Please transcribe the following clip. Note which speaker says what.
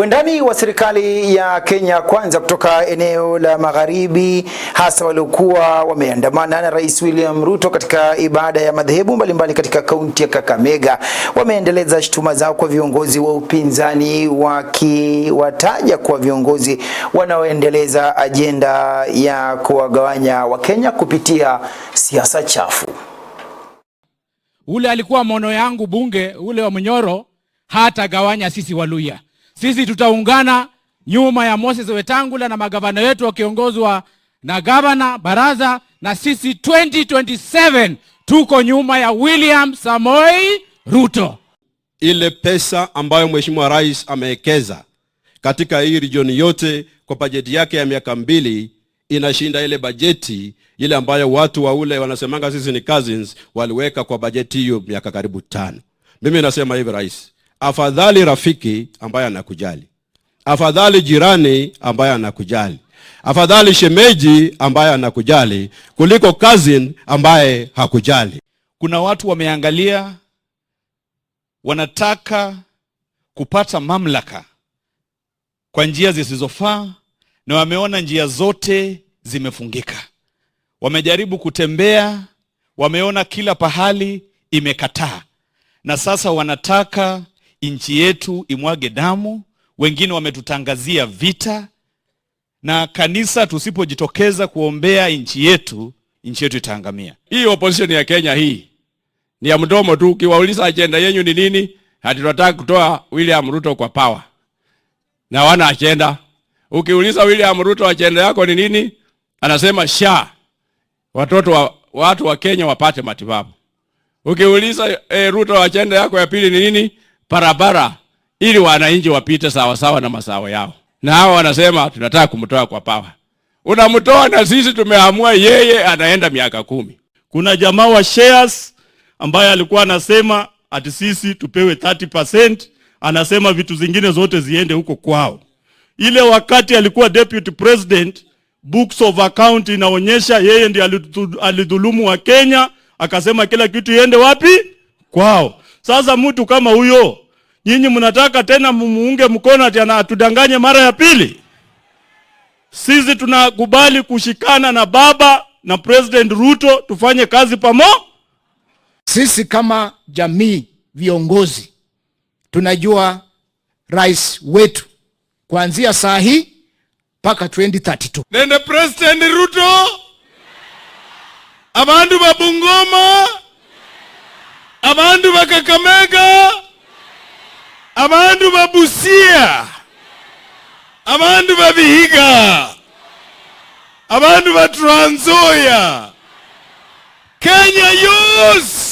Speaker 1: Wendani wa serikali ya Kenya Kwanza kutoka eneo la magharibi, hasa waliokuwa wameandamana na Rais William Ruto katika ibada ya madhehebu mbalimbali katika kaunti ya Kakamega, wameendeleza shutuma zao kwa viongozi wa upinzani, wakiwataja kuwa viongozi wanaoendeleza ajenda ya kuwagawanya Wakenya kupitia siasa chafu.
Speaker 2: Ule alikuwa mono yangu bunge ule wa Mnyoro, hata gawanya sisi Waluya sisi tutaungana nyuma ya Moses Wetangula na magavana wetu wakiongozwa na gavana Baraza, na sisi 2027 tuko nyuma ya William Samoi Ruto.
Speaker 3: Ile pesa ambayo mheshimiwa rais amewekeza katika hii region yote kwa bajeti yake ya miaka mbili inashinda ile bajeti ile ambayo watu wa ule wanasemanga sisi ni cousins waliweka kwa bajeti hiyo miaka karibu tano. Mimi nasema hivi rais Afadhali rafiki ambaye anakujali, afadhali jirani ambaye anakujali, afadhali shemeji ambaye anakujali kuliko cousin ambaye hakujali.
Speaker 4: Kuna watu wameangalia, wanataka kupata mamlaka kwa njia zisizofaa, na wameona njia zote zimefungika. Wamejaribu kutembea, wameona kila pahali imekataa, na sasa wanataka nchi yetu imwage damu, wengine wametutangazia vita, na kanisa tusipojitokeza kuombea nchi yetu, nchi yetu itaangamia.
Speaker 5: Hii opposition ya Kenya hii ni ya mdomo tu. Ukiwauliza ajenda yenu ni nini, hati tunataka kutoa William Ruto kwa power, na wana ajenda. Ukiuliza William Ruto, ajenda yako ni nini? Anasema sha watoto wa, watu wa Kenya wapate matibabu. Ukiuliza eh, Ruto, ajenda yako ya pili ni nini? barabara ili wananchi wapite sawasawa na masao yao, na hao wanasema tunataka kumtoa kwa pawa. Unamtoa na sisi tumeamua yeye anaenda miaka kumi.
Speaker 6: Kuna jamaa wa shares ambaye alikuwa anasema ati sisi tupewe 30%, anasema vitu zingine zote ziende huko kwao. Ile wakati alikuwa deputy president, books of account inaonyesha yeye ndiye alidhulumu wa Kenya, akasema kila kitu iende wapi kwao. Sasa mtu kama huyo, nyinyi mnataka tena mumuunge mkono ati anatudanganye mara ya pili? Sisi tunakubali kushikana na baba na President Ruto tufanye kazi pamo.
Speaker 7: Sisi kama jamii, viongozi tunajua rais wetu kuanzia saa hii mpaka 2032.
Speaker 8: Nende President Ruto, abantu ba Bungoma abandu bakakamega abandu babusia abandu babihiga abandu batranzoya kenya yose